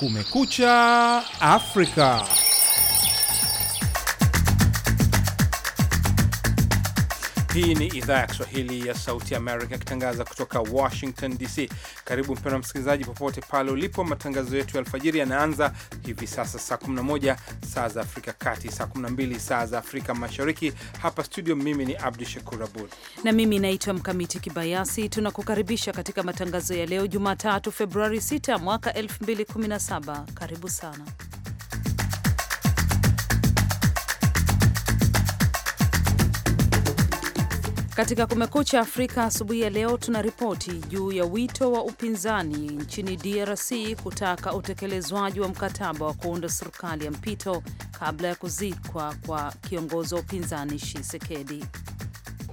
Kumekucha Afrika. Hii ni idhaa ya Kiswahili ya Sauti Amerika ikitangaza kutoka Washington DC. Karibu mpendwa msikilizaji, popote pale ulipo. Matangazo yetu ya alfajiri yanaanza hivi sasa saa 11 saa za Afrika Kati, saa 12 saa za Afrika Mashariki. Hapa studio, mimi ni Abdu Shakur Abud na mimi naitwa Mkamiti Kibayasi. Tunakukaribisha katika matangazo ya leo Jumatatu, Februari 6 mwaka 2017. Karibu sana Katika Kumekucha Afrika asubuhi ya leo, tuna ripoti juu ya wito wa upinzani nchini DRC kutaka utekelezwaji wa mkataba wa kuunda serikali ya mpito kabla ya kuzikwa kwa kiongozi wa upinzani Tshisekedi.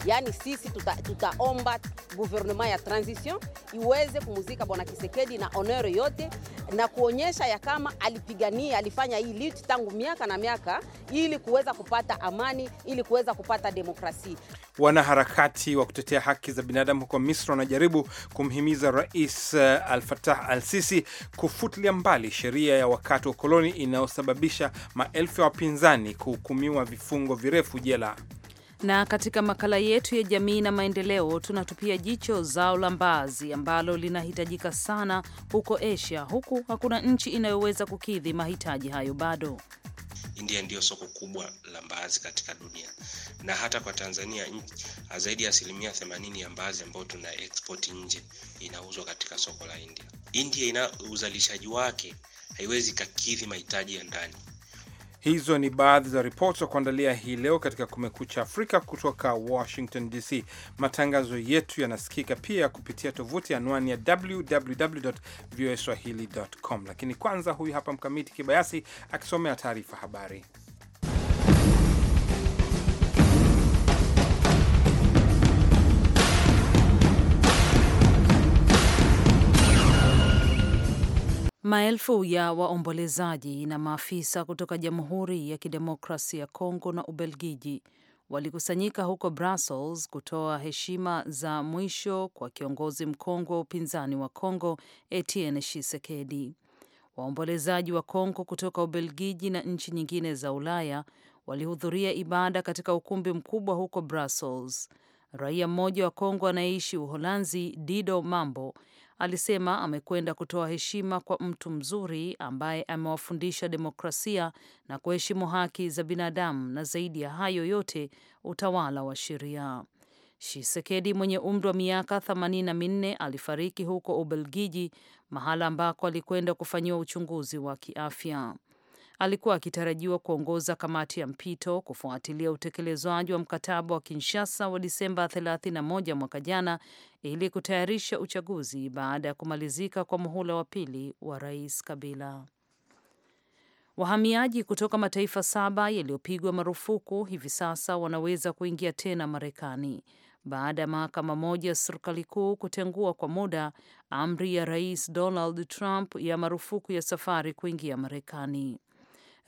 Yaani sisi tutaomba tuta guvernema ya transition iweze kumuzika bwana Tshisekedi na honore yote na kuonyesha ya kama alipigania, alifanya hii litu tangu miaka na miaka, ili kuweza kupata amani, ili kuweza kupata demokrasia. Wanaharakati wa kutetea haki za binadamu huko Misri wanajaribu kumhimiza Rais eh, Al Fatah Al Sisi kufutilia mbali sheria ya wakati wa koloni inayosababisha maelfu ya wapinzani kuhukumiwa vifungo virefu jela. Na katika makala yetu ya jamii na maendeleo, tunatupia jicho zao la mbaazi ambalo linahitajika sana huko Asia, huku hakuna nchi inayoweza kukidhi mahitaji hayo bado. India ndiyo soko kubwa la mbaazi katika dunia, na hata kwa Tanzania zaidi ya asilimia 80 ya mbaazi ambayo tuna export nje inauzwa katika soko la India. India ina uzalishaji wake haiwezi kakidhi mahitaji ya ndani. Hizo ni baadhi za ripoti za kuandalia hii leo katika Kumekucha Afrika kutoka Washington DC. Matangazo yetu yanasikika pia kupitia tovuti anwani ya www voa swahilicom com, lakini kwanza, huyu hapa Mkamiti Kibayasi akisomea taarifa habari. Maelfu ya waombolezaji na maafisa kutoka Jamhuri ya Kidemokrasi ya Kongo na Ubelgiji walikusanyika huko Brussels kutoa heshima za mwisho kwa kiongozi mkongwe wa upinzani wa Kongo Etienne Tshisekedi. Waombolezaji wa Kongo kutoka Ubelgiji na nchi nyingine za Ulaya walihudhuria ibada katika ukumbi mkubwa huko Brussels. Raia mmoja wa Kongo anayeishi Uholanzi, Dido Mambo, alisema amekwenda kutoa heshima kwa mtu mzuri ambaye amewafundisha demokrasia na kuheshimu haki za binadamu na zaidi ya hayo yote utawala wa sheria. Shisekedi mwenye umri wa miaka 84 alifariki huko Ubelgiji, mahala ambako alikwenda kufanyiwa uchunguzi wa kiafya alikuwa akitarajiwa kuongoza kamati ya mpito kufuatilia utekelezwaji wa mkataba wa Kinshasa wa Disemba 31 mwaka jana ili kutayarisha uchaguzi baada ya kumalizika kwa muhula wa pili wa Rais Kabila. Wahamiaji kutoka mataifa saba yaliyopigwa marufuku hivi sasa wanaweza kuingia tena Marekani baada ya mahakama moja ya serikali kuu kutengua kwa muda amri ya Rais Donald Trump ya marufuku ya safari kuingia Marekani.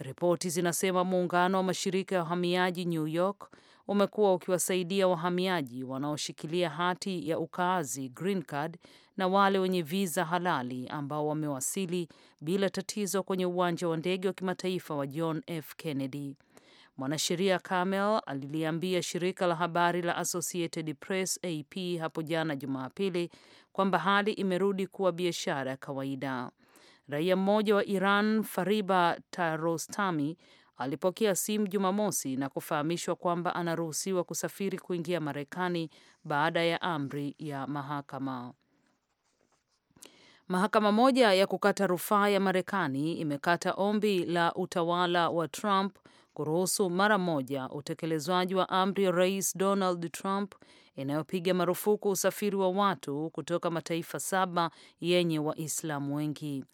Ripoti zinasema muungano wa mashirika ya uhamiaji New York umekuwa ukiwasaidia wahamiaji wanaoshikilia hati ya ukaazi green card na wale wenye viza halali ambao wamewasili bila tatizo kwenye uwanja wa ndege wa kimataifa wa John F Kennedy. Mwanasheria camel aliliambia shirika la habari la Associated Press AP hapo jana Jumapili kwamba hali imerudi kuwa biashara ya kawaida. Raia mmoja wa Iran, Fariba Tarostami, alipokea simu Jumamosi na kufahamishwa kwamba anaruhusiwa kusafiri kuingia Marekani baada ya amri ya mahakama. Mahakama moja ya kukata rufaa ya Marekani imekata ombi la utawala wa Trump kuruhusu mara moja utekelezwaji wa amri ya Rais Donald Trump inayopiga marufuku usafiri wa watu kutoka mataifa saba yenye Waislamu wengi.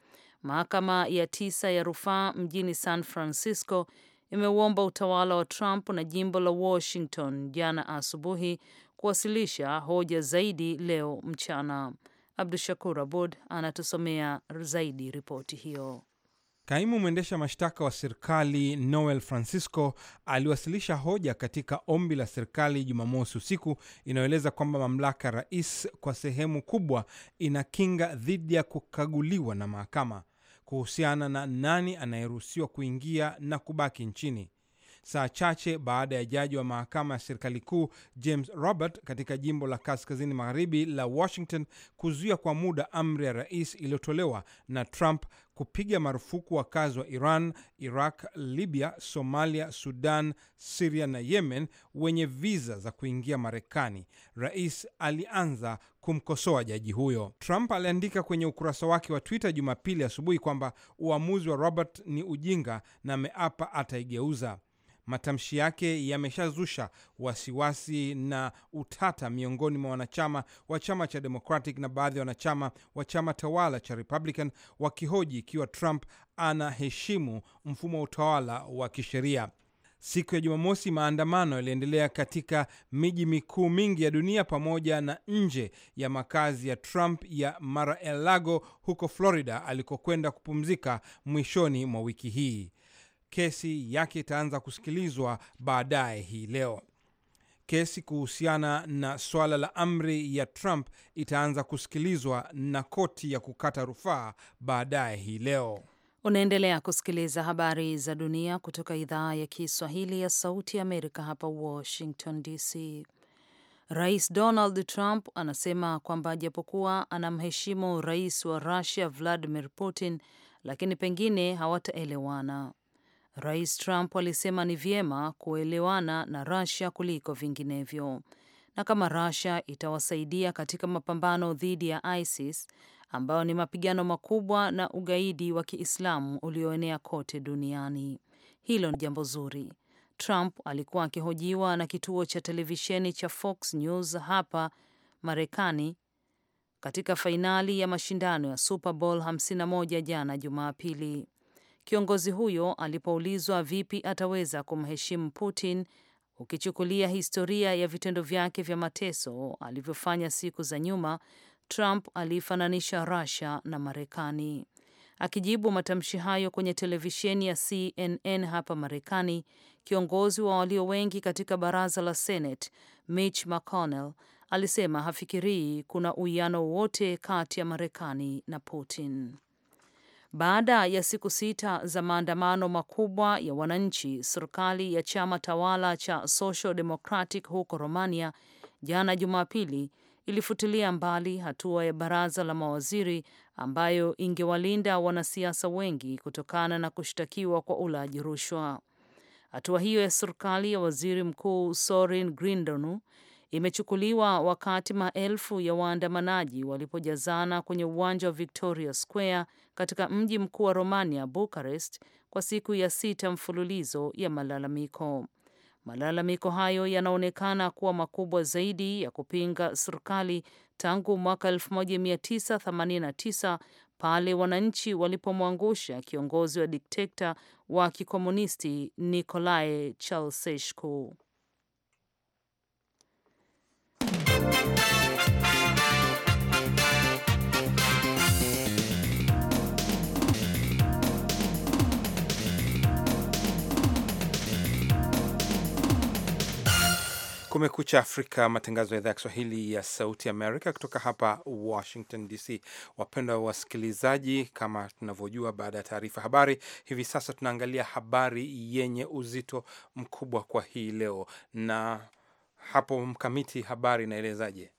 Mahakama ya tisa ya rufaa mjini San Francisco imeuomba utawala wa Trump na jimbo la Washington jana asubuhi kuwasilisha hoja zaidi leo mchana. Abdu Shakur Abud anatusomea zaidi ripoti hiyo. Kaimu mwendesha mashtaka wa serikali Noel Francisco aliwasilisha hoja katika ombi la serikali Jumamosi usiku inayoeleza kwamba mamlaka ya rais kwa sehemu kubwa inakinga dhidi ya kukaguliwa na mahakama kuhusiana na nani anayeruhusiwa kuingia na kubaki nchini saa chache baada ya jaji wa mahakama ya serikali kuu James Robert katika jimbo la kaskazini magharibi la Washington kuzuia kwa muda amri ya rais iliyotolewa na Trump kupiga marufuku wakazi wa Iran, Iraq, Libya, Somalia, Sudan, Siria na Yemen wenye viza za kuingia Marekani. Rais alianza kumkosoa jaji huyo. Trump aliandika kwenye ukurasa wake wa Twitter Jumapili asubuhi kwamba uamuzi wa Robert ni ujinga na ameapa ataigeuza. Matamshi yake yameshazusha wasiwasi na utata miongoni mwa wanachama wa chama cha Democratic na baadhi ya wanachama wa chama tawala cha Republican wakihoji ikiwa Trump anaheshimu mfumo wa utawala wa kisheria. Siku ya Jumamosi, maandamano yaliendelea katika miji mikuu mingi ya dunia pamoja na nje ya makazi ya Trump ya Mar-a-Lago huko Florida, alikokwenda kupumzika mwishoni mwa wiki hii kesi yake itaanza kusikilizwa baadaye hii leo. Kesi kuhusiana na swala la amri ya Trump itaanza kusikilizwa na koti ya kukata rufaa baadaye hii leo. Unaendelea kusikiliza habari za dunia kutoka idhaa ya Kiswahili ya Sauti ya Amerika, hapa Washington DC. Rais Donald Trump anasema kwamba japokuwa anamheshimu rais wa Russia Vladimir Putin, lakini pengine hawataelewana. Rais Trump alisema ni vyema kuelewana na Russia kuliko vinginevyo, na kama Russia itawasaidia katika mapambano dhidi ya ISIS ambayo ni mapigano makubwa na ugaidi wa Kiislamu ulioenea kote duniani. Hilo ni jambo zuri. Trump alikuwa akihojiwa na kituo cha televisheni cha Fox News hapa Marekani katika fainali ya mashindano ya Super Bowl 51 jana Jumapili. Kiongozi huyo alipoulizwa vipi ataweza kumheshimu Putin ukichukulia historia ya vitendo vyake vya mateso alivyofanya siku za nyuma, Trump aliifananisha Russia na Marekani. Akijibu matamshi hayo kwenye televisheni ya CNN hapa Marekani, kiongozi wa walio wengi katika baraza la Senate Mitch McConnell alisema hafikirii kuna uwiano wowote kati ya Marekani na Putin. Baada ya siku sita za maandamano makubwa ya wananchi, serikali ya chama tawala cha Social Democratic huko Romania jana Jumapili ilifutilia mbali hatua ya baraza la mawaziri ambayo ingewalinda wanasiasa wengi kutokana na kushtakiwa kwa ulaji rushwa. Hatua hiyo ya serikali ya waziri mkuu Sorin Grindonu imechukuliwa wakati maelfu ya waandamanaji walipojazana kwenye uwanja wa Victoria Square katika mji mkuu wa Romania, Bucharest, kwa siku ya sita mfululizo ya malalamiko. Malalamiko hayo yanaonekana kuwa makubwa zaidi ya kupinga serikali tangu mwaka 1989 pale wananchi walipomwangusha kiongozi wa dikteta wa kikomunisti Nikolai Ceausescu. Kumekucha Afrika, matangazo ya idhaa ya Kiswahili ya Sauti Amerika kutoka hapa Washington DC. Wapendwa wasikilizaji, kama tunavyojua, baada ya taarifa habari, hivi sasa tunaangalia habari yenye uzito mkubwa kwa hii leo, na hapo mkamiti, habari inaelezaje?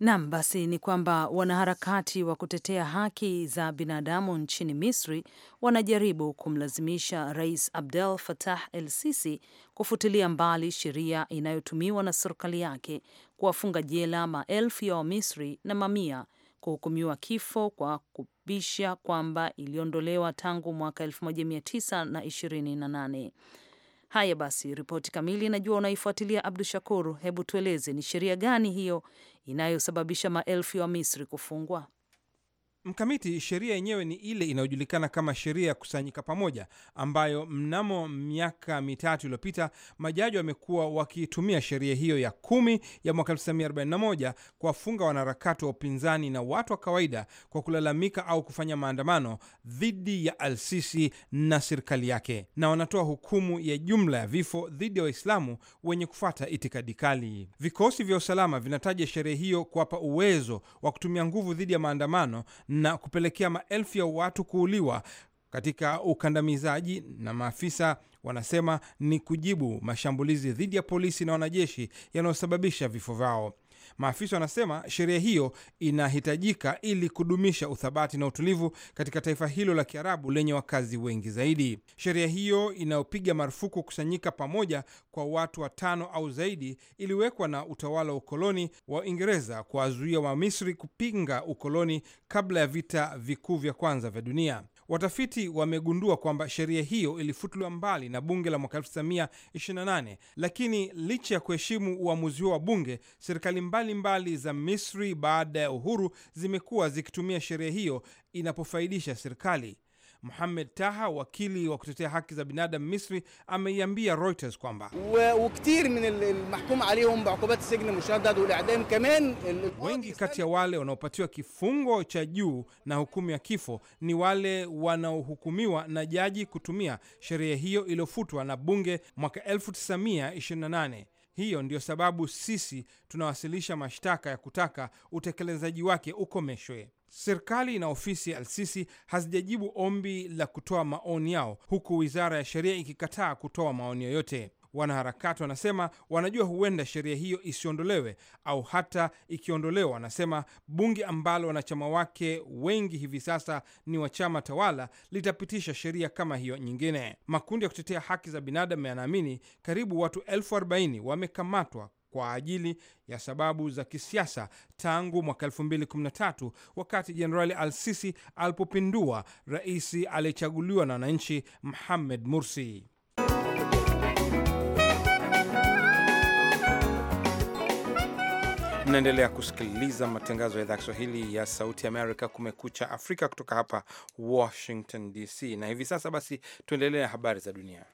Nam, basi ni kwamba wanaharakati wa kutetea haki za binadamu nchini Misri wanajaribu kumlazimisha Rais Abdel Fattah El Sisi kufutilia mbali sheria inayotumiwa na serikali yake kuwafunga jela maelfu ya Wamisri na mamia kuhukumiwa kifo kwa kubisha kwamba iliondolewa tangu mwaka 1928. Haya basi, ripoti kamili, najua unaifuatilia Abdu Shakuru. Hebu tueleze, ni sheria gani hiyo inayosababisha maelfu ya Wamisri kufungwa? Mkamiti, sheria yenyewe ni ile inayojulikana kama sheria ya kusanyika pamoja, ambayo mnamo miaka mitatu iliyopita majaji wamekuwa wakiitumia sheria hiyo ya kumi ya mwaka 1941 kuwafunga wanaharakati wa upinzani na watu wa kawaida kwa kulalamika au kufanya maandamano dhidi ya alsisi na serikali yake, na wanatoa hukumu ya jumla ya vifo dhidi ya Waislamu wenye kufata itikadi kali. Vikosi vya usalama vinataja sheria hiyo kuwapa uwezo wa kutumia nguvu dhidi ya maandamano na kupelekea maelfu ya watu kuuliwa katika ukandamizaji, na maafisa wanasema ni kujibu mashambulizi dhidi ya polisi na wanajeshi yanayosababisha vifo vyao. Maafisa wanasema sheria hiyo inahitajika ili kudumisha uthabati na utulivu katika taifa hilo la Kiarabu lenye wakazi wengi zaidi. Sheria hiyo inayopiga marufuku kusanyika pamoja kwa watu watano au zaidi iliwekwa na utawala wa ukoloni wa Uingereza kuwazuia Wamisri kupinga ukoloni kabla ya vita vikuu vya kwanza vya dunia. Watafiti wamegundua kwamba sheria hiyo ilifutuliwa mbali na bunge la mwaka 1928 lakini licha ya kuheshimu uamuzi huo wa bunge, serikali mbalimbali za Misri baada ya uhuru zimekuwa zikitumia sheria hiyo inapofaidisha serikali. Muhamed Taha, wakili wa kutetea haki za binadamu Misri, ameiambia Reuters kwamba wengi kati ya wale wanaopatiwa kifungo cha juu na hukumu ya kifo ni wale wanaohukumiwa na jaji kutumia sheria hiyo iliyofutwa na bunge mwaka 1928. Hiyo ndiyo sababu sisi tunawasilisha mashtaka ya kutaka utekelezaji wake ukomeshwe. Serikali na ofisi ya Alsisi hazijajibu ombi la kutoa maoni yao, huku wizara ya sheria ikikataa kutoa maoni yoyote. Wanaharakati wanasema wanajua huenda sheria hiyo isiondolewe au hata ikiondolewa, wanasema bunge ambalo wanachama wake wengi hivi sasa ni wa chama tawala litapitisha sheria kama hiyo nyingine. Makundi ya kutetea haki za binadamu yanaamini karibu watu elfu arobaini wamekamatwa kwa ajili ya sababu za kisiasa tangu mwaka 2013 wakati Jenerali Al-Sisi alipopindua rais aliyechaguliwa na wananchi Mohamed Mursi. Naendelea kusikiliza matangazo ya idhaa Kiswahili ya Sauti Amerika, Kumekucha Afrika, kutoka hapa Washington DC. Na hivi sasa basi, tuendelee na habari za dunia.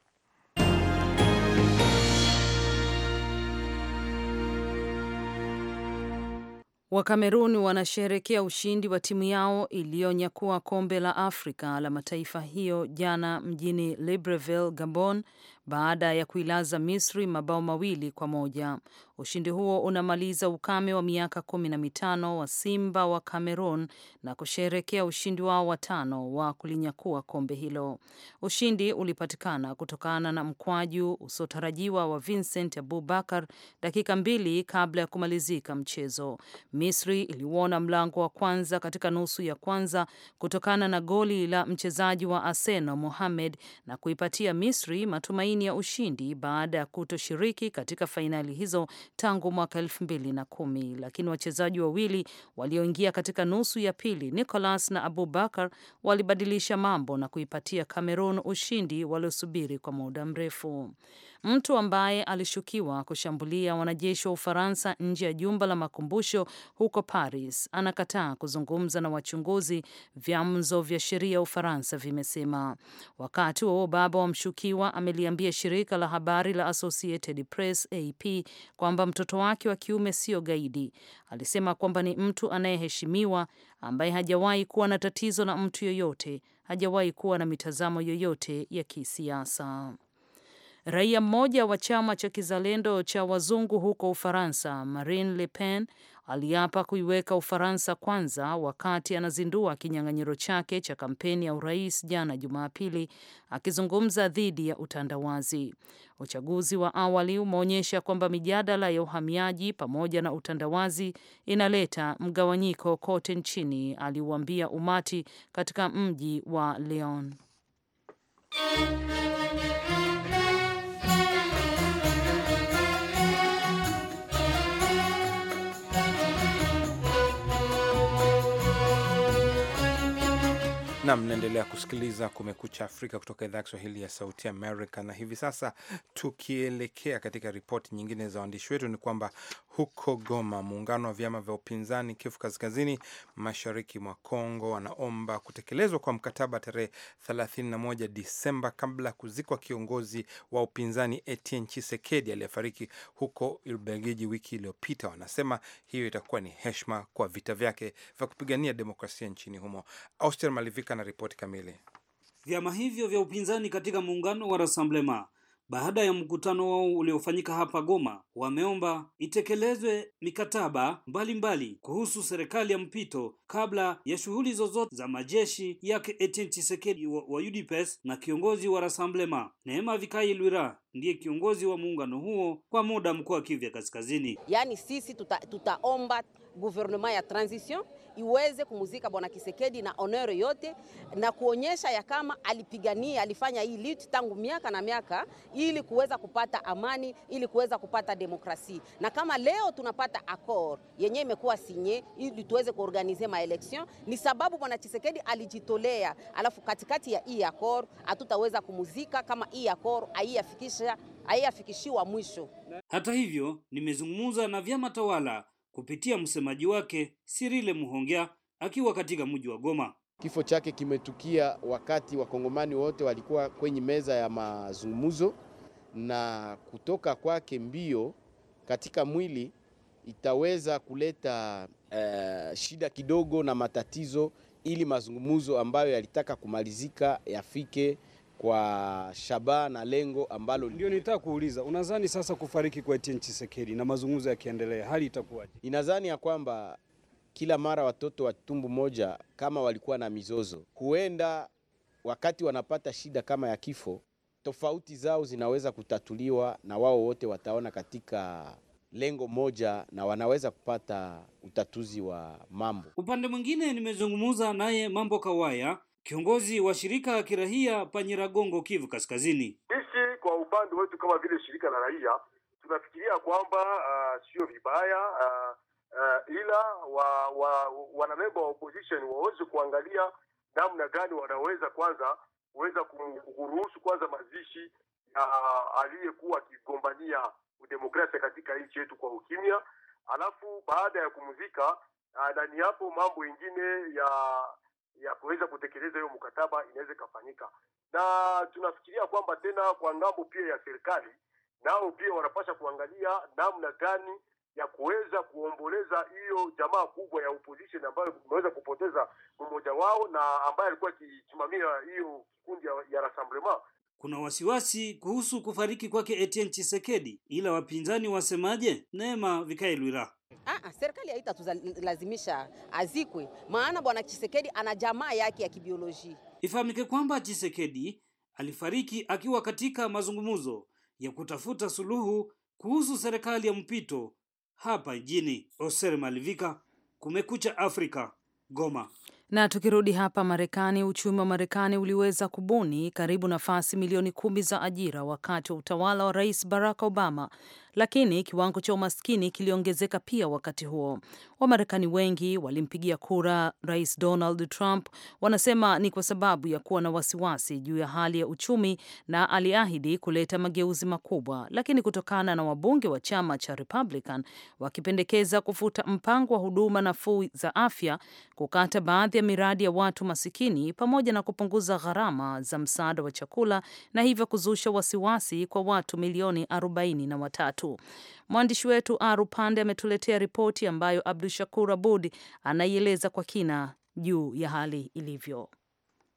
Kamerun wanasheherekea ushindi wa timu yao iliyonyakua kombe la Afrika la mataifa hiyo jana mjini Libreville, Gabon, baada ya kuilaza Misri mabao mawili kwa moja. Ushindi huo unamaliza ukame wa miaka kumi na mitano wa Simba wa Cameroon na kusherekea ushindi wao wa tano wa kulinyakua kombe hilo. Ushindi ulipatikana kutokana na mkwaju usiotarajiwa wa Vincent Abubakar dakika mbili kabla ya kumalizika mchezo. Misri iliuona mlango wa kwanza katika nusu ya kwanza kutokana na goli la mchezaji wa Arsenal Mohamed na kuipatia Misri matumaini matumaini ya ushindi baada ya kutoshiriki katika fainali hizo tangu mwaka elfu mbili na kumi, lakini wachezaji wawili walioingia katika nusu ya pili, Nicolas na Abubakar, walibadilisha mambo na kuipatia Cameroon ushindi waliosubiri kwa muda mrefu. Mtu ambaye alishukiwa kushambulia wanajeshi wa Ufaransa nje ya jumba la makumbusho huko Paris anakataa kuzungumza na wachunguzi, vyanzo vya sheria ya Ufaransa vimesema. Wakati huo baba wa mshukiwa ameliambia ya shirika la habari la Associated Press AP kwamba mtoto wake wa kiume sio gaidi. Alisema kwamba ni mtu anayeheshimiwa ambaye hajawahi kuwa na tatizo na mtu yoyote, hajawahi kuwa na mitazamo yoyote ya kisiasa. Raia mmoja wa chama cha kizalendo cha wazungu huko Ufaransa, Marine Le Pen, aliapa kuiweka Ufaransa kwanza wakati anazindua kinyang'anyiro chake cha kampeni ya urais jana Jumapili, akizungumza dhidi ya utandawazi. Uchaguzi wa awali umeonyesha kwamba mijadala ya uhamiaji pamoja na utandawazi inaleta mgawanyiko kote nchini, aliuambia umati katika mji wa Lyon. na mnaendelea kusikiliza Kumekucha Afrika kutoka idhaa ya Kiswahili ya Sauti Amerika. Na hivi sasa tukielekea katika ripoti nyingine za waandishi wetu, ni kwamba huko Goma. Muungano wa vyama vya upinzani Kivu Kaskazini, mashariki mwa Kongo wanaomba kutekelezwa kwa mkataba tarehe 31 Disemba kabla ya kuzikwa kiongozi wa upinzani Etienne Chisekedi aliyefariki huko Ubelgiji wiki iliyopita. Wanasema hiyo itakuwa ni heshima kwa vita vyake vya kupigania demokrasia nchini humo. Auster Malivika na ripoti kamili. Vyama hivyo vya upinzani katika muungano wa Rassemblement baada ya mkutano wao uliofanyika hapa Goma, wameomba itekelezwe mikataba mbalimbali mbali kuhusu serikali ya mpito kabla ya shughuli zozote za majeshi yake Etienne Tshisekedi wa, UDPS na kiongozi wa Rassemblement Neema Vikai Lwira ndiye kiongozi wa muungano huo kwa muda mkoa wa Kivu ya Kaskazini. Yaani sisi tuta, tutaomba gouvernement ya transition iweze kumuzika bwana Kisekedi na honor yote na kuonyesha ya kama alipigania alifanya hii lit tangu miaka na miaka, ili kuweza kupata amani, ili kuweza kupata demokrasia. Na kama leo tunapata akor yenye imekuwa sinye ili tuweze kuorganize maelection, ni sababu bwana Kisekedi alijitolea. Alafu katikati ya hii akor hatutaweza kumuzika kama hii akor haiyafikisha haiyafikishiwa mwisho. Hata hivyo, nimezungumza na vyama tawala kupitia msemaji wake Sirile Muhongea akiwa katika mji wa Goma. Kifo chake kimetukia wakati wakongomani wote walikuwa kwenye meza ya mazungumzo, na kutoka kwake mbio katika mwili itaweza kuleta uh, shida kidogo na matatizo, ili mazungumzo ambayo yalitaka kumalizika yafike kwa shabaha na lengo ambalo ndio nitaka kuuliza, unadhani sasa kufariki kwa Etienne Tshisekedi na mazungumzo yakiendelea, hali itakuwaje? Ninadhani ya kwamba kila mara watoto wa tumbu moja kama walikuwa na mizozo, huenda wakati wanapata shida kama ya kifo, tofauti zao zinaweza kutatuliwa na wao wote wataona katika lengo moja na wanaweza kupata utatuzi wa mambo. Upande mwingine, nimezungumza naye Mambo Kawaya Kiongozi wa shirika la kirahia Panyiragongo, Kivu Kaskazini. Sisi kwa upande wetu kama vile shirika la raia tunafikiria kwamba uh, sio vibaya uh, uh, ila wa, wa, wanamemba wa opposition waweze kuangalia namna gani wanaweza kwanza kuweza kuruhusu kwanza mazishi ya uh, aliyekuwa akigombania udemokrasia katika nchi yetu kwa ukimya, alafu baada ya kumzika uh, hapo mambo ingine ya ya kuweza kutekeleza hiyo mkataba inaweza ikafanyika, na tunafikiria kwamba tena kwa ngambo pia ya serikali nao pia wanapasha kuangalia namna gani ya kuweza kuomboleza hiyo jamaa kubwa ya opposition ambayo imeweza kupoteza mmoja wao na ambaye alikuwa akisimamia hiyo kikundi ya Rassemblement. Kuna wasiwasi kuhusu kufariki kwake Etienne Tshisekedi, ila wapinzani wasemaje? Neema Vikaelwira Ah, ah, serikali haitatulazimisha azikwe, maana bwana Chisekedi ana jamaa yake ya kibiolojia. Ifahamike kwamba Chisekedi alifariki akiwa katika mazungumzo ya kutafuta suluhu kuhusu serikali ya mpito hapa jini. Oser Malivika, Kumekucha Afrika, Goma. Na tukirudi hapa Marekani, uchumi wa Marekani uliweza kubuni karibu nafasi milioni kumi za ajira wakati wa utawala wa Rais Barack Obama lakini kiwango cha umaskini kiliongezeka pia wakati huo. Wamarekani wengi walimpigia kura Rais Donald Trump, wanasema ni kwa sababu ya kuwa na wasiwasi juu ya hali ya uchumi, na aliahidi kuleta mageuzi makubwa, lakini kutokana na wabunge wa chama cha Republican wakipendekeza kufuta mpango wa huduma nafuu za afya, kukata baadhi ya miradi ya watu masikini, pamoja na kupunguza gharama za msaada wa chakula, na hivyo kuzusha wasiwasi kwa watu milioni arobaini na watatu tatu. Mwandishi wetu Arupande ametuletea ripoti ambayo Abdu Shakur Abud anaieleza kwa kina juu ya hali ilivyo.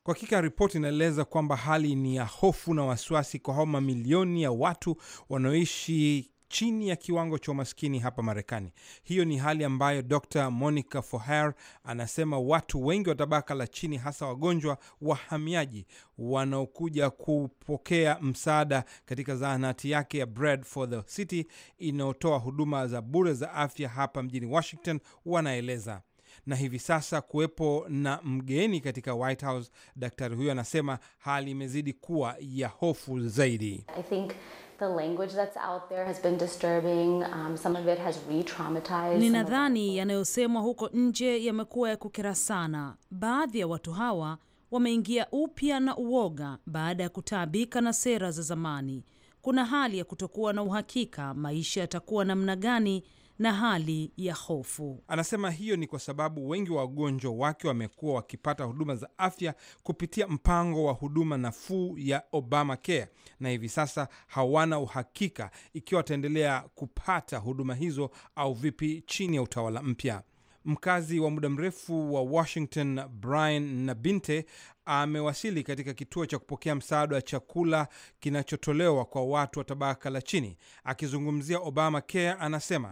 Kwa hakika ripoti inaeleza kwamba hali ni ya hofu na wasiwasi kwa hao mamilioni ya watu wanaoishi chini ya kiwango cha umaskini hapa Marekani. Hiyo ni hali ambayo Dr Monica Foher anasema watu wengi wa tabaka la chini, hasa wagonjwa wahamiaji wanaokuja kupokea msaada katika zahanati yake ya Bread for the City inayotoa huduma za bure za afya hapa mjini Washington, wanaeleza na hivi sasa kuwepo na mgeni katika White House, daktari huyo anasema hali imezidi kuwa ya hofu zaidi. I think The language that's out there has been disturbing. Um, some of it has re-traumatized. Ninadhani yanayosemwa huko nje yamekuwa ya kukera sana. Baadhi ya watu hawa wameingia upya na uoga baada ya kutaabika na sera za zamani. Kuna hali ya kutokuwa na uhakika maisha yatakuwa namna gani na hali ya hofu. Anasema hiyo ni kwa sababu wengi wa wagonjwa wake wamekuwa wakipata huduma za afya kupitia mpango wa huduma nafuu ya Obamacare, na hivi sasa hawana uhakika ikiwa wataendelea kupata huduma hizo au vipi chini ya utawala mpya mkazi wa muda mrefu wa Washington Brian Nabinte amewasili katika kituo cha kupokea msaada wa chakula kinachotolewa kwa watu wa tabaka la chini. Akizungumzia Obama Care, anasema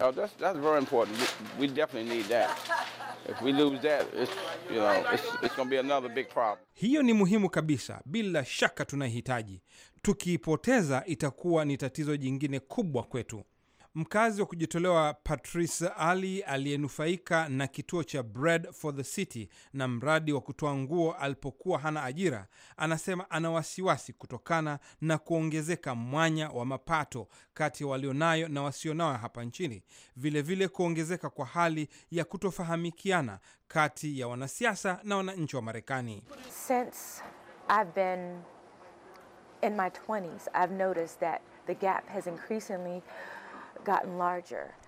Hiyo ni muhimu kabisa, bila shaka tunahitaji. Tukiipoteza itakuwa ni tatizo jingine kubwa kwetu. Mkazi wa kujitolewa Patrice Ali aliyenufaika na kituo cha Bread for the City na mradi wa kutoa nguo alipokuwa hana ajira, anasema ana wasiwasi kutokana na kuongezeka mwanya wa mapato kati ya walionayo na wasionayo hapa nchini, vilevile vile kuongezeka kwa hali ya kutofahamikiana kati ya wanasiasa na wananchi wa Marekani. the gap has increasingly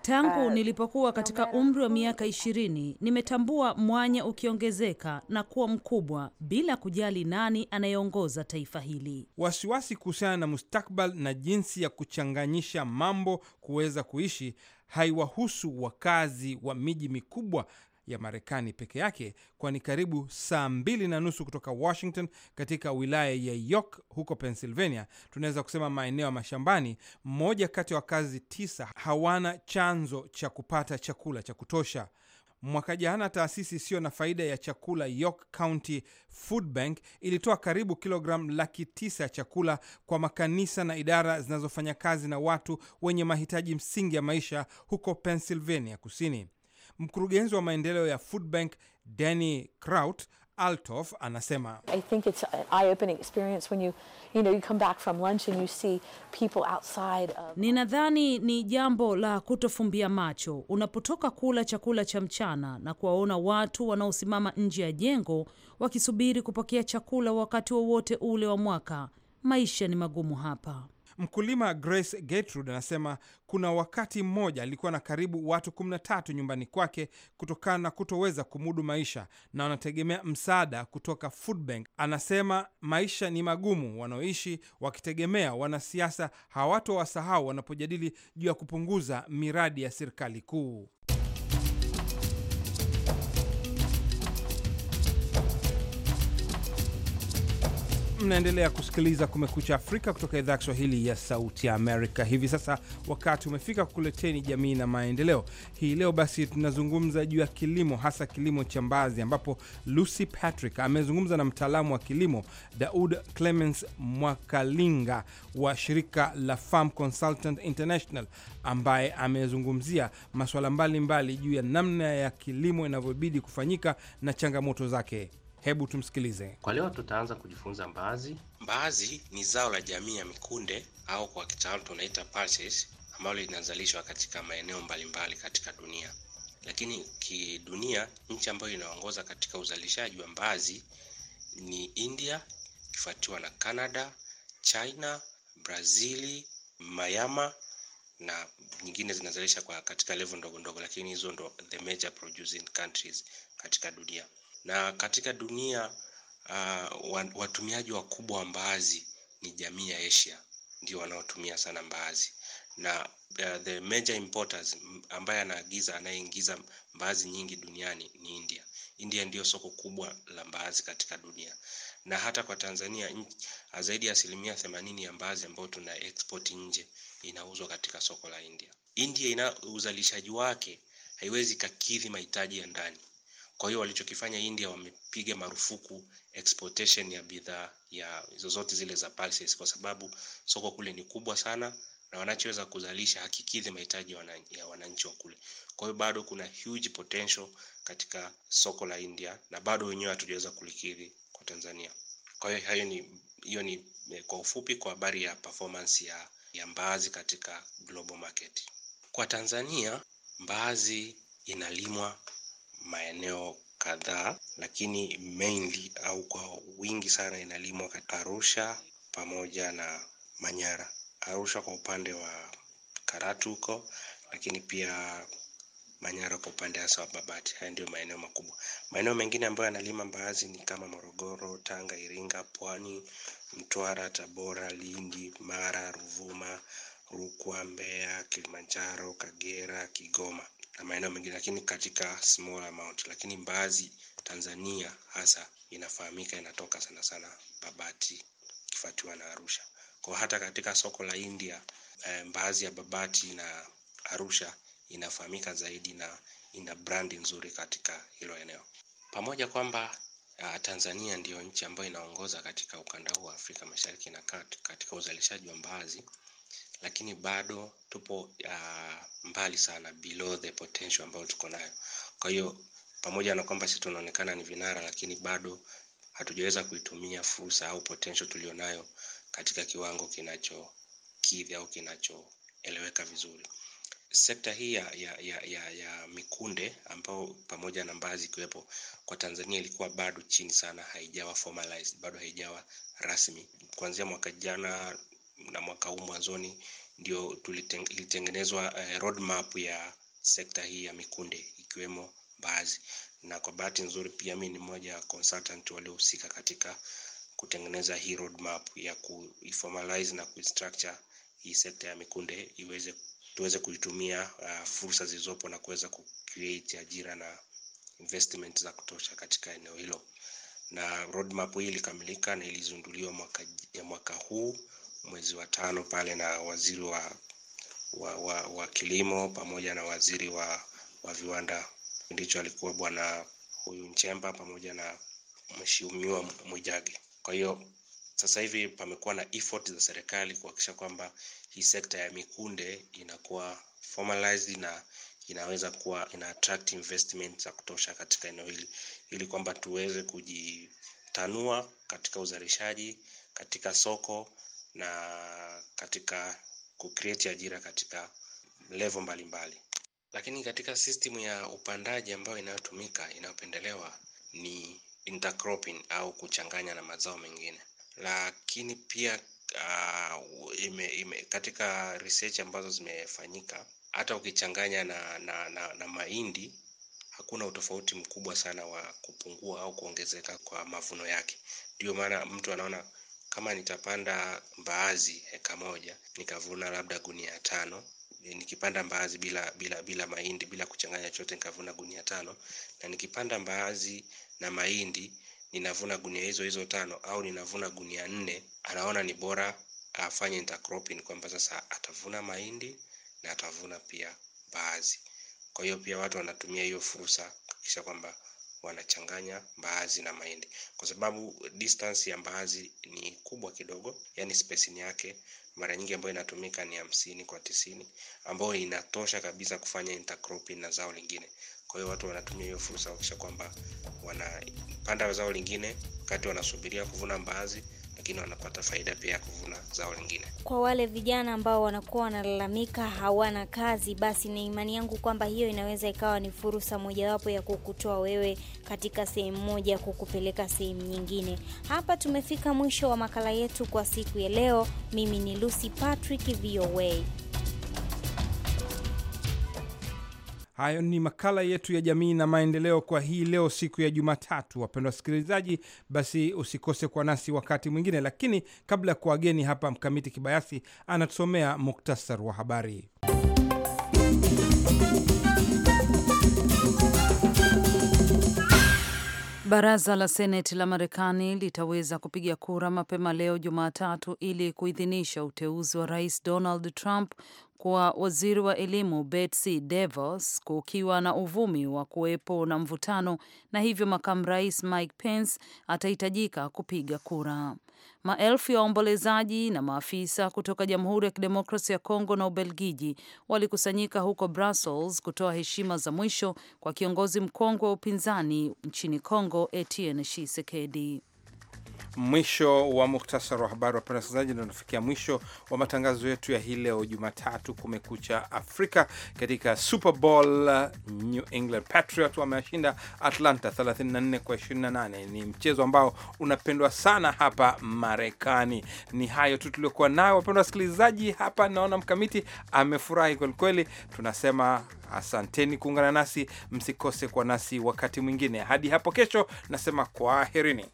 Tangu uh, nilipokuwa katika umri wa miaka ishirini nimetambua mwanya ukiongezeka na kuwa mkubwa bila kujali nani anayeongoza taifa hili. Wasiwasi kuhusiana na mustakbal na jinsi ya kuchanganyisha mambo kuweza kuishi haiwahusu wakazi wa miji mikubwa ya Marekani peke yake, kwani karibu saa mbili na nusu kutoka Washington, katika wilaya ya York huko Pennsylvania, tunaweza kusema maeneo ya mashambani, mmoja kati ya wakazi tisa hawana chanzo cha kupata chakula cha kutosha. Mwaka jana taasisi isiyo na faida ya chakula York County Food Bank ilitoa karibu kilogramu laki tisa ya chakula kwa makanisa na idara zinazofanya kazi na watu wenye mahitaji msingi ya maisha huko Pennsylvania Kusini. Mkurugenzi wa maendeleo ya Food Bank Danny Kraut altof anasema I think it's eye-opening experience when you, you know, you come back from lunch and you see people outside of... Ninadhani ni jambo la kutofumbia macho unapotoka kula chakula cha mchana na kuwaona watu wanaosimama nje ya jengo wakisubiri kupokea chakula wakati wowote wa ule wa mwaka. Maisha ni magumu hapa. Mkulima Grace Gertrude anasema kuna wakati mmoja alikuwa na karibu watu 13 nyumbani kwake kutokana na kutoweza kumudu maisha na wanategemea msaada kutoka Food Bank. Anasema maisha ni magumu wanaoishi wakitegemea, wanasiasa hawatowasahau wanapojadili juu ya kupunguza miradi ya serikali kuu. Mnaendelea kusikiliza Kumekucha Afrika kutoka idhaa ya Kiswahili ya Sauti ya Amerika. Hivi sasa wakati umefika kukuleteni Jamii na Maendeleo hii leo. Basi tunazungumza juu ya kilimo, hasa kilimo cha mbazi ambapo Lucy Patrick amezungumza na mtaalamu wa kilimo Daud Clemens Mwakalinga wa shirika la Farm Consultant International, ambaye amezungumzia masuala mbalimbali juu ya namna ya kilimo inavyobidi kufanyika na changamoto zake. Hebu tumsikilize. Kwa leo tutaanza kujifunza mbaazi. Mbaazi ni zao la jamii ya mikunde au kwa kitaalamu tunaita pulses, ambalo linazalishwa katika maeneo mbalimbali katika dunia, lakini kidunia nchi ambayo inaongoza katika uzalishaji wa mbaazi ni India, ikifuatiwa na Canada, China, Brazili, Mayama na nyingine zinazalisha katika levo ndogo ndogo, lakini hizo ndo the major producing countries katika dunia. Na katika dunia uh, watumiaji wakubwa wa mbaazi ni jamii ya Asia ndio wanaotumia sana mbaazi na uh, the major importers ambaye anaagiza anayeingiza mbaazi nyingi duniani ni India. India ndiyo soko kubwa la mbaazi katika dunia, na hata kwa Tanzania uh, zaidi ya asilimia themanini ya mbaazi ambayo tuna export nje inauzwa katika soko la India. India ina uzalishaji wake haiwezi kakidhi mahitaji ya ndani. Kwa hiyo walichokifanya India, wamepiga marufuku exportation ya bidhaa ya zozote zile za pulses, kwa sababu soko kule ni kubwa sana na wanachoweza kuzalisha hakikidhi mahitaji ya wananchi wa kule. Kwa hiyo bado kuna huge potential katika soko la India na bado wenyewe hatujaweza kulikidhi kwa Tanzania. Kwa hiyo hayo ni hiyo ni eh, kwa ufupi kwa habari ya performance ya, ya mbaazi katika global market. Kwa Tanzania mbaazi inalimwa maeneo kadhaa lakini mainly au kwa wingi sana inalimwa katika Arusha pamoja na Manyara. Arusha kwa upande wa Karatu huko, lakini pia Manyara kwa upande hasa wa Babati. Haya ndio maeneo makubwa. Maeneo mengine ambayo yanalima mbaazi ni kama Morogoro, Tanga, Iringa, Pwani, Mtwara, Tabora, Lindi, Mara, Ruvuma, Rukwa, Mbeya, Kilimanjaro, Kagera, Kigoma na maeneo mengine, lakini katika small amount. Lakini mbaazi Tanzania hasa inafahamika inatoka sana sana Babati ikifuatiwa na Arusha. Kwa hata katika soko la India eh, mbaazi ya Babati na Arusha inafahamika zaidi na ina brandi nzuri katika hilo eneo, pamoja kwamba ah, Tanzania ndiyo nchi ambayo inaongoza katika ukanda huu wa Afrika Mashariki na Kati katika uzalishaji wa mbaazi lakini bado tupo uh, mbali sana below the potential ambayo tuko nayo. Kwa hiyo pamoja na kwamba sisi tunaonekana ni vinara, lakini bado hatujaweza kuitumia fursa au potential tulionayo katika kiwango kinachokidhi au kinachoeleweka vizuri. Sekta hii ya, ya, ya, ya mikunde ambao pamoja na mbazi ikiwepo kwa Tanzania ilikuwa bado chini sana, haijawa formalized, bado haijawa rasmi. Kuanzia mwaka jana na mwaka huu mwanzoni ndio tulitengenezwa eh, roadmap ya sekta hii ya mikunde ikiwemo mbaazi, na kwa bahati nzuri pia mimi ni mmoja ya consultant waliohusika katika kutengeneza hii roadmap ya kuiformalize na kuistructure hii sekta ya mikunde iweze tuweze kuitumia uh, fursa zilizopo na kuweza kucreate ajira na investment za kutosha katika eneo hilo, na roadmap hii ilikamilika na ilizunduliwa mwaka, mwaka huu mwezi wa tano pale na waziri wa, wa, wa, wa kilimo pamoja na waziri wa, wa viwanda ndicho alikuwa bwana huyu Nchemba pamoja na mheshimiwa Mwijage. Kwa hiyo sasa hivi pamekuwa na effort za serikali kuhakikisha kwamba hii sekta ya mikunde inakuwa formalized na inaweza kuwa ina attract investment za kutosha katika eneo hili ili kwamba tuweze kujitanua katika uzalishaji, katika soko na katika kucreate ajira katika level mbalimbali. Lakini katika system ya upandaji ambayo inayotumika inayopendelewa ni intercropping au kuchanganya na mazao mengine, lakini pia uh, ime, ime, katika research ambazo zimefanyika hata ukichanganya na, na, na, na mahindi hakuna utofauti mkubwa sana wa kupungua au kuongezeka kwa mavuno yake. Ndio maana mtu anaona kama nitapanda mbaazi eka moja, nikavuna labda gunia tano, e, nikipanda mbaazi bila bila bila mahindi bila kuchanganya chote nikavuna gunia tano, na nikipanda mbaazi na mahindi ninavuna gunia hizo hizo tano au ninavuna gunia nne, anaona ni bora afanye intercropping kwamba sasa atavuna mahindi na atavuna pia mbaazi. Kwa hiyo pia watu wanatumia hiyo fursa kuhakikisha kwamba wanachanganya mbaazi na mahindi, kwa sababu distance ya mbaazi ni kubwa kidogo, yani spacing yake mara nyingi ambayo inatumika ni hamsini kwa tisini ambayo inatosha kabisa kufanya intercropping na zao lingine. Kwa hiyo watu wanatumia hiyo fursa kuhakikisha kwamba wanapanda zao lingine wakati wanasubiria kuvuna mbaazi lakini wanapata faida pia ya kuvuna zao lingine. Kwa wale vijana ambao wanakuwa wanalalamika hawana kazi, basi ni imani yangu kwamba hiyo inaweza ikawa ni fursa mojawapo ya kukutoa wewe katika sehemu moja kukupeleka sehemu nyingine. Hapa tumefika mwisho wa makala yetu kwa siku ya leo. Mimi ni Lucy Patrick, VOA. Hayo ni makala yetu ya jamii na maendeleo kwa hii leo, siku ya Jumatatu. Wapendwa wasikilizaji, basi usikose kwa nasi wakati mwingine, lakini kabla ya kuwageni hapa, Mkamiti Kibayasi anatusomea muktasar wa habari. Baraza la Seneti la Marekani litaweza kupiga kura mapema leo Jumatatu ili kuidhinisha uteuzi wa Rais Donald Trump kwa waziri wa elimu Betsy DeVos kukiwa na uvumi wa kuwepo na mvutano na hivyo makamu rais Mike Pence atahitajika kupiga kura. Maelfu ya waombolezaji na maafisa kutoka Jamhuri ya Kidemokrasi ya Kongo na Ubelgiji walikusanyika huko Brussels kutoa heshima za mwisho kwa kiongozi mkongwe wa upinzani nchini Kongo Etienne Tshisekedi. Mwisho wa muhtasari wa habari. Wapenda wasikilizaji, ndio tunafikia mwisho wa matangazo yetu ya hii leo Jumatatu, Kumekucha Afrika. Katika Super Bowl, New England Patriot wamewashinda Atlanta 34 kwa 28. Ni mchezo ambao unapendwa sana hapa Marekani. Ni hayo tu tuliokuwa nayo, wapenda wasikilizaji. Hapa naona Mkamiti amefurahi kwelikweli. Tunasema asanteni kuungana nasi, msikose kwa nasi wakati mwingine. Hadi hapo kesho, nasema kwaherini.